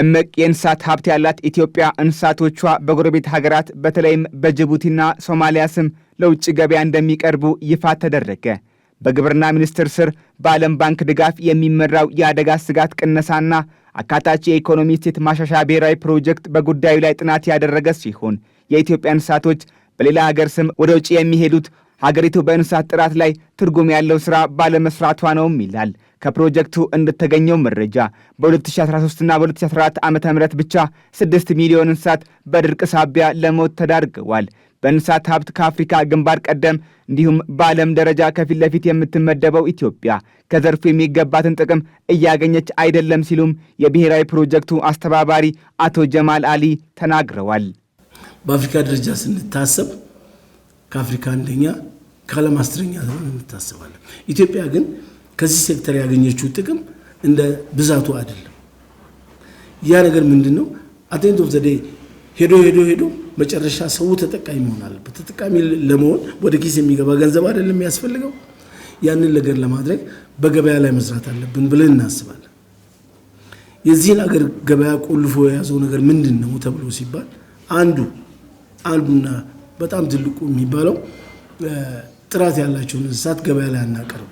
እምቅ የእንስሳት ሀብት ያላት ኢትዮጵያ እንስሳቶቿ በጎረቤት ሀገራት በተለይም በጅቡቲና ሶማሊያ ስም ለውጭ ገበያ እንደሚቀርቡ ይፋ ተደረገ። በግብርና ሚኒስቴር ስር በዓለም ባንክ ድጋፍ የሚመራው የአደጋ ስጋት ቅነሳና አካታች የኢኮኖሚ እሴት ማሻሻያ ብሔራዊ ፕሮጀክት በጉዳዩ ላይ ጥናት ያደረገ ሲሆን የኢትዮጵያ እንስሳቶች በሌላ ሀገር ስም ወደ ውጭ የሚሄዱት ሀገሪቱ በእንስሳት ጥራት ላይ ትርጉም ያለው ስራ ባለመስራቷ ነውም ይላል። ከፕሮጀክቱ እንደተገኘው መረጃ በ2013ና በ2014 ዓ ም ብቻ 6 ሚሊዮን እንስሳት በድርቅ ሳቢያ ለሞት ተዳርገዋል። በእንስሳት ሀብት ከአፍሪካ ግንባር ቀደም እንዲሁም በዓለም ደረጃ ከፊት ለፊት የምትመደበው ኢትዮጵያ ከዘርፉ የሚገባትን ጥቅም እያገኘች አይደለም ሲሉም የብሔራዊ ፕሮጀክቱ አስተባባሪ አቶ ጀማል አሊ ተናግረዋል። በአፍሪካ ደረጃ ስንታሰብ ከአፍሪካ አንደኛ ከዓለም አስረኛ ተብለን እንታስባለን። ኢትዮጵያ ግን ከዚህ ሴክተር ያገኘችው ጥቅም እንደ ብዛቱ አይደለም። ያ ነገር ምንድን ነው? አቴንት ኦፍ ዘዴ ሄዶ ሄዶ ሄዶ መጨረሻ ሰው ተጠቃሚ መሆን አለበት። ተጠቃሚ ለመሆን ወደ ኪስ የሚገባ ገንዘብ አይደለም የሚያስፈልገው። ያንን ነገር ለማድረግ በገበያ ላይ መስራት አለብን ብለን እናስባለን። የዚህን አገር ገበያ ቆልፎ የያዘው ነገር ምንድን ነው ተብሎ ሲባል አንዱ አንዱና በጣም ትልቁ የሚባለው ጥራት ያላቸውን እንስሳት ገበያ ላይ አናቀርብ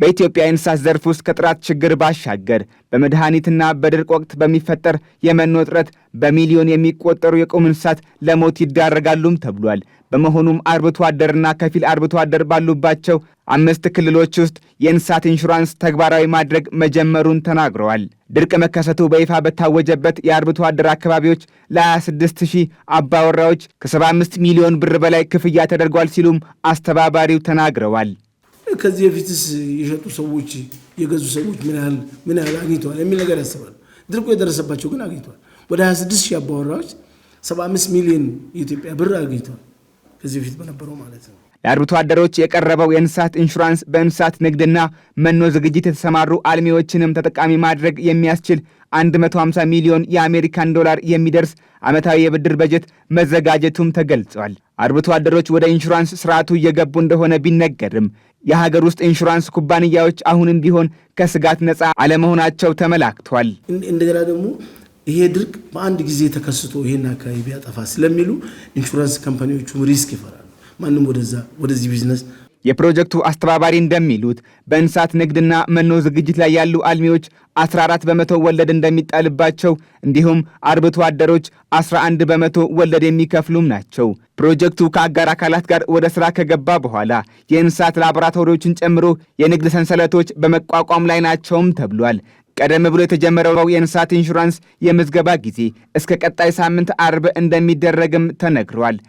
በኢትዮጵያ የእንስሳት ዘርፍ ውስጥ ከጥራት ችግር ባሻገር በመድኃኒትና በድርቅ ወቅት በሚፈጠር የመኖ እጥረት በሚሊዮን የሚቆጠሩ የቁም እንስሳት ለሞት ይዳረጋሉም ተብሏል። በመሆኑም አርብቶ አደርና ከፊል አርብቶ አደር ባሉባቸው አምስት ክልሎች ውስጥ የእንስሳት ኢንሹራንስ ተግባራዊ ማድረግ መጀመሩን ተናግረዋል። ድርቅ መከሰቱ በይፋ በታወጀበት የአርብቶ አደር አካባቢዎች ለ26 ሺህ አባወራዎች ከ75 ሚሊዮን ብር በላይ ክፍያ ተደርጓል ሲሉም አስተባባሪው ተናግረዋል። ከዚህ በፊትስ የሸጡ ሰዎች የገዙ ሰዎች ምን ያህል ምን ያህል አግኝተዋል የሚል ነገር ያስባሉ። ድርቁ የደረሰባቸው ግን አግኝተዋል። ወደ 26 ሺህ አባወራዎች 75 ሚሊዮን የኢትዮጵያ ብር አግኝተዋል ከዚህ በፊት በነበረው ማለት ነው። ለአርብቶ አደሮች የቀረበው የእንስሳት ኢንሹራንስ በእንስሳት ንግድና መኖ ዝግጅት የተሰማሩ አልሚዎችንም ተጠቃሚ ማድረግ የሚያስችል 150 ሚሊዮን የአሜሪካን ዶላር የሚደርስ ዓመታዊ የብድር በጀት መዘጋጀቱም ተገልጿል። አርብቶ አደሮች ወደ ኢንሹራንስ ስርዓቱ እየገቡ እንደሆነ ቢነገርም የሀገር ውስጥ ኢንሹራንስ ኩባንያዎች አሁንም ቢሆን ከስጋት ነፃ አለመሆናቸው ተመላክቷል። እንደገና ደግሞ ይሄ ድርቅ በአንድ ጊዜ ተከስቶ ይህን አካባቢ ቢያጠፋ ስለሚሉ ኢንሹራንስ ከምፓኒዎቹ ሪስክ ይፈራሉ። ማንም ወደዛ ወደዚህ ቢዝነስ የፕሮጀክቱ አስተባባሪ እንደሚሉት በእንስሳት ንግድና መኖ ዝግጅት ላይ ያሉ አልሚዎች 14 በመቶ ወለድ እንደሚጣልባቸው እንዲሁም አርብቶ አደሮች 11 በመቶ ወለድ የሚከፍሉም ናቸው። ፕሮጀክቱ ከአጋር አካላት ጋር ወደ ስራ ከገባ በኋላ የእንስሳት ላቦራቶሪዎችን ጨምሮ የንግድ ሰንሰለቶች በመቋቋም ላይ ናቸውም ተብሏል። ቀደም ብሎ የተጀመረው የእንስሳት ኢንሹራንስ የምዝገባ ጊዜ እስከ ቀጣይ ሳምንት አርብ እንደሚደረግም ተነግሯል።